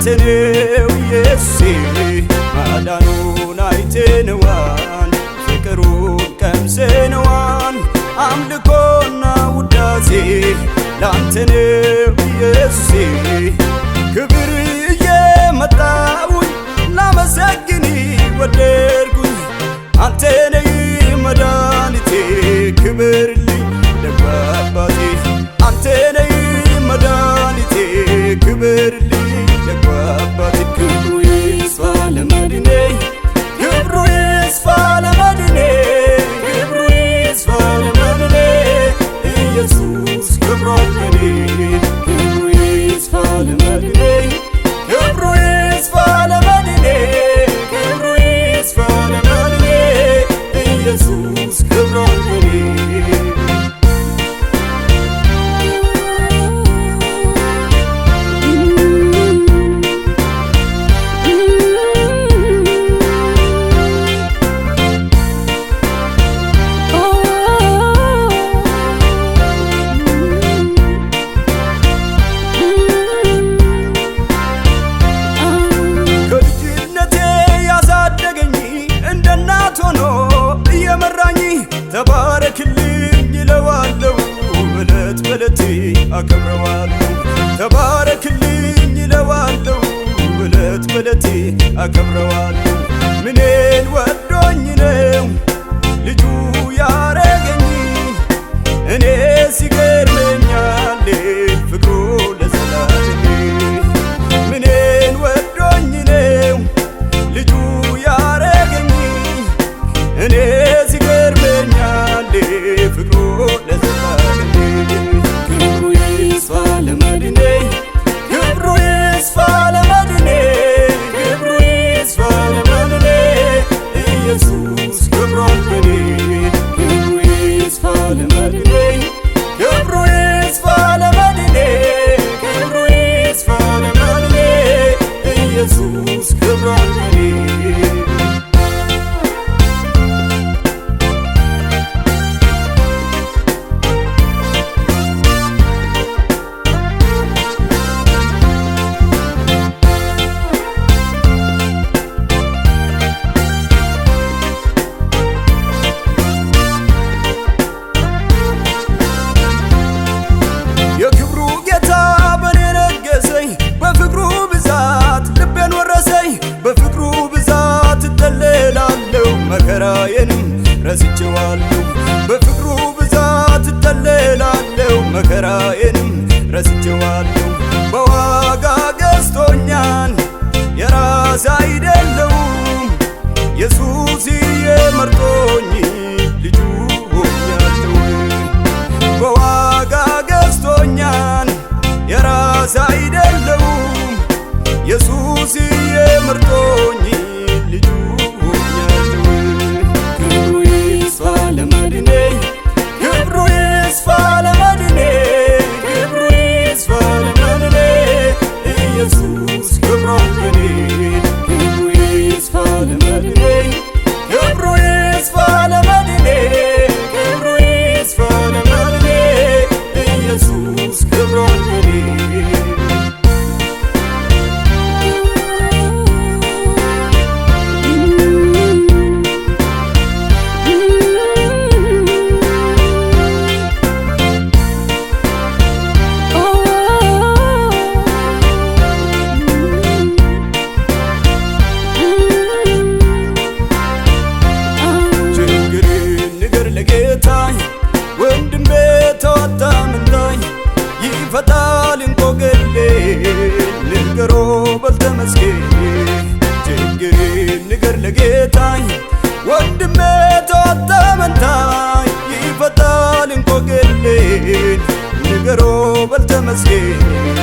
አይተነው ኢየሱሴ ማዳኑን አይተነዋን ፍቅሩን ቀምሰነዋን አምልኮና ውዳሴ ላንተነው ኢየሱሴ ክብር እየመጣውኝ ላመሰግን ወደድኩኝ imaginei አከብረዋለሁ ተባረክልኝ ይለዋለሁ እለት በለቴ አከብረዋለሁ ምኔን ወዶኝ ነው ልጁ በፍቅሩ ብዛት እደለላለሁ መከራዬንም ረስቼዋለሁ። በዋጋ ገዝቶኛል የራስ አይደለሁ ንገር ለጌታኝ ወንድሜ ተዋታ መንታይ ይፈታል እንቆቅልን ንገሮ በልተመስገን